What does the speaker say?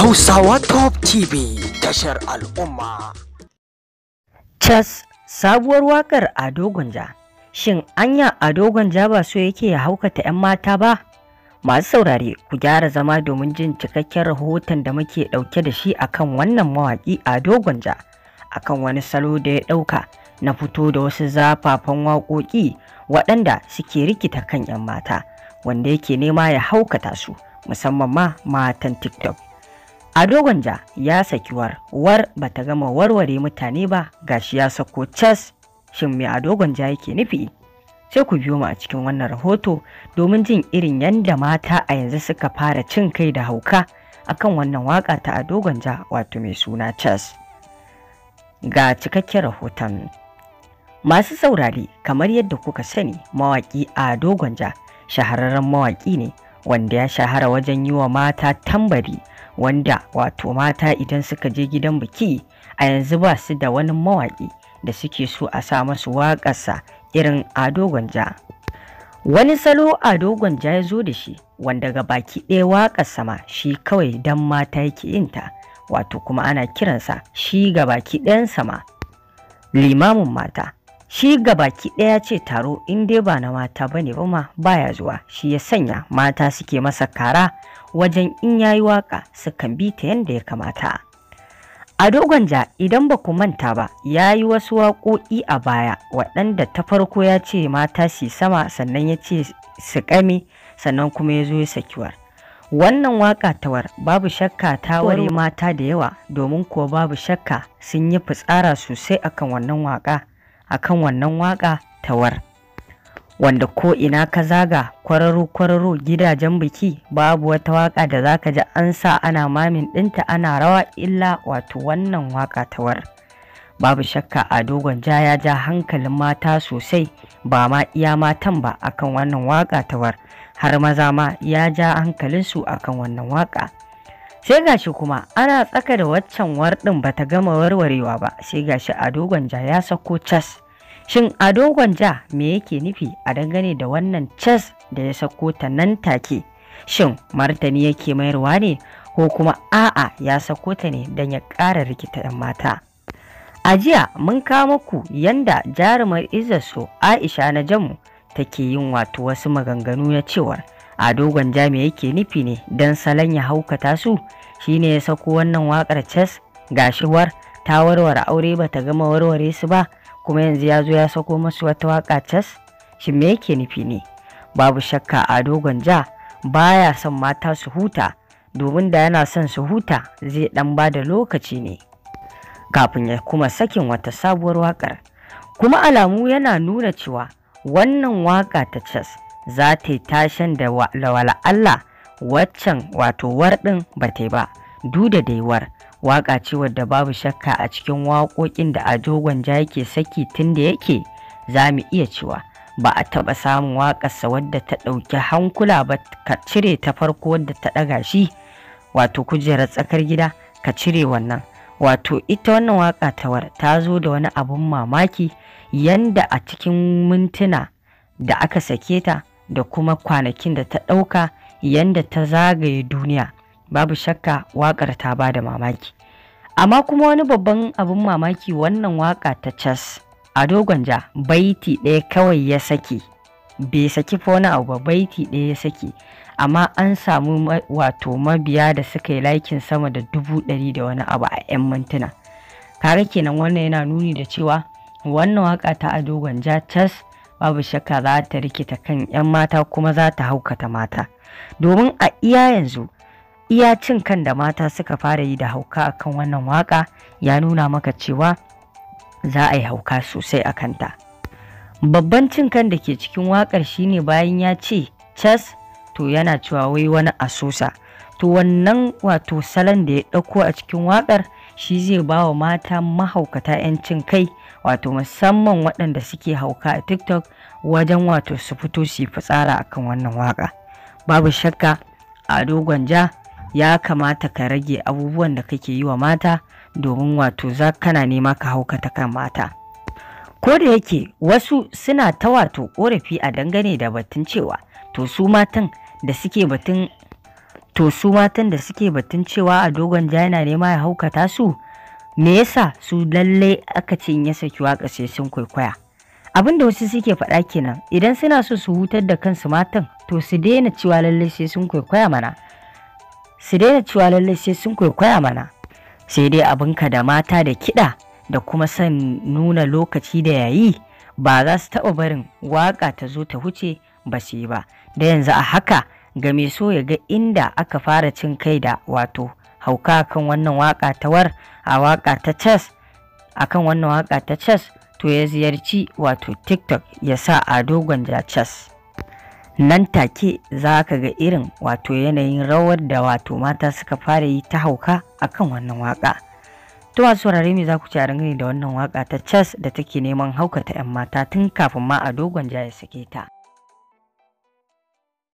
Hausawa Top TV tashar al'umma. Cas sabuwar wakar Ado Gwanja. Shin anya Ado Gwanja ba so yake ya haukata 'yan mata ba? Masu saurare ku gyara zama domin jin cikakken rahoton da muke ɗauke da shi akan wannan mawaƙi Ado Gwanja akan wani salo da ya ɗauka na fito da wasu zafafan waƙoƙi waɗanda suke rikita kan 'yan mata wanda yake nema ya haukata su musamman ma matan TikTok. A gwanja ya saki war, war bata gama warware mutane ba gashi ya sako cas shin mai a gwanja yake nufi? Sai ku biyo mu a cikin wannan rahoto domin jin irin yadda mata a yanzu suka fara cin kai da hauka akan wannan waka ta a gwanja wato mai suna cas. Ga cikakken rahoton. Masu saurari kamar yadda kuka sani mawaki a gwanja shahararren mawaki ne wanda ya shahara wajen yi wa mata tambari wanda wato mata idan suka je gidan biki a yanzu ba su da wani mawaƙi da suke so a sa masu waƙarsa irin ado gwanja wani salo ado gwanja ya zo da shi wanda ga baki ɗaya waƙar sama shi kawai don mata yake yin ta, wato kuma ana kiransa shi ga baki ɗayan sama limamin mata shi gabaki ɗaya ce taro in dai ba na mata bane ne ba ma baya zuwa shi ya sanya mata suke masa kara wajen in yayi waka sukan bi ta yadda ya kamata a ja idan ba ku manta ba ya yi wasu waƙoƙi a baya waɗanda ta farko ya ce mata su sama sannan ya ce su ƙame sannan kuma ya zo ya sakiwar wannan waƙa tawar babu shakka ta ware mata da yawa domin kuwa babu shakka sun yi fitsara sosai akan wannan waƙa akan wannan waƙa tawar wanda ko ina ka zaga kwararo kwararo gidajen biki babu wata waka da zaka ji an sa ana mamin dinta ana rawa illa wato wannan waka tawar babu shakka a dogon ja ya ja hankalin mata sosai ba ma iya matan ba akan wannan waƙa tawar har maza ma ya ja hankalinsu akan wannan waka. sai gashi kuma ana tsaka da waccan warɗin bata gama warwarewa ba sai gashi a dogon ja ya sako cas Shin Ado Gwanja me yake nufi a dangane da wannan cas da ya sako ta nan take? Shin martani yake mayarwa ne ko kuma a'a ya sako ta ne don ya ƙara rikita 'yan mata? A jiya mun kawo muku yanda jarumar Izarsu Aisha na Jamu take yin wato wasu maganganu na cewar Ado Gwanja me yake nufi ne don salon ya haukata su shine ya sako wannan waƙar cas gashiwar ta warware aure bata gama warware su ba. kuma yanzu ya zo ya sako masu wata waka cas shi me yake nufi ne babu shakka a dogon ja baya son mata su huta domin da yana son su huta zai dan ba da lokaci ne kafin ya kuma sakin wata sabuwar wakar kuma alamu yana nuna cewa wannan waka ta cas za ta yi tashen da lawala Allah waccan wato warɗin ba ta yi ba du da daiwar Waƙa ce wadda babu shakka a cikin waƙoƙin da Ajo Gwanja yake saki tun da yake za mu iya cewa ba a taɓa samun waƙarsa wadda ta ɗauki hankula ba ka cire ta farko wadda ta ɗaga shi wato kujerar tsakar gida ka cire wannan wato ita wannan waƙa tawar ta zo da wani abun mamaki yanda a cikin mintuna da aka sake ta da kuma kwanakin da ta ɗauka yanda ta zagaye duniya babu shakka waƙar ta ba da mamaki amma kuma wani babban abin mamaki wannan waƙa ta cas a dogon baiti ɗaya kawai ya sake bai saki wani abu baiti ɗaya ya sake amma an samu wato mabiya da suka yi laikin sama da dubu ɗari da wani abu a 'yan mintuna kare kenan wannan yana nuni da cewa wannan waka ta Ado Gwanja ja cas babu shakka za ta rikita kan 'yan mata kuma za ta haukata mata domin a iya yanzu iya cin kan da mata suka fara yi da hauka akan wannan waka ya nuna maka cewa za a yi hauka sosai a kanta babban cin kan da ke cikin wakar shine bayan ya ce Chess to yana cewa wai wani asusa to wannan wato salon da ya ɗauko a cikin wakar shi zai ba wa mata mahaukata 'yancin kai wato musamman waɗanda suke hauka a tiktok wajen wato su fito su yi fitsara akan wannan waka babu shakka a dogon ja ya kamata ka rage abubuwan da kake yi wa mata domin wato za kana nema ka haukata kan mata ko da yake wasu suna ta wato korafi a dangane da batun cewa to su matan da suke batun to su matan da suke batun cewa a dogon jana nema nema ya haukata su me yasa su lalle aka ce in ya saki waka sai sun kwaikwaya abin da wasu suke faɗa kenan idan suna so su hutar da kansu matan to su daina cewa lalle sai sun kwaikwaya mana su daina cewa lallai sai sun kwaikwaya mana sai dai abinka da mata da kiɗa da kuma son nuna lokaci da yayi ba za su taɓa barin waƙa ta zo ta huce ba su yi ba da yanzu a haka ga mai so ya ga inda aka fara cin kai da wato hauka kan wannan waƙa ta war a waƙa ta chess akan wannan waƙa ta chess to ya ziyarci wato tiktok ya sa a dogon da chess nan take za ka ga irin wato yanayin rawar da wato mata suka fara yi ta hauka a kan wannan waka to masu saurare me za ku ci a da wannan waka ta chess da take neman haukata 'yan mata tun kafin ma a dogon ya sake ta